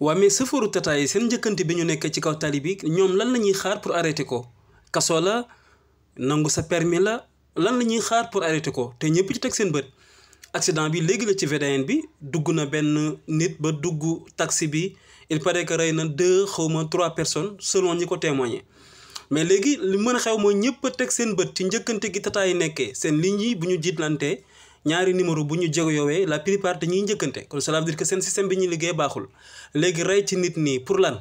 waa mais sëfooru Tata yi seen njëkkante bi ñu nekk ci kaw tali bi ñoom lan la ñuy xaar pour arrêter ko kaso la nangu sa permis la lan la ñuy xaar pour arrêter ko te ñëpp ci teg seen bët accident bi léegi la ci VDN bi dugg na benn nit ba dugg taxi bi il paraît que rey na deux ma trois personnes selon ñi ko témoigné mais léegi li mën a xew ma ñëpp a teg seen bët ci njëkkante gi Tata yi nekkee seen ligne yi bu ñu jiitlantee ñaari numéro bu ñu jegoyowee la plupart dañuy njëkkante kon cela veut dire que seen système bi ñu liggéey baaxul léegi rey ci nit nii pour lan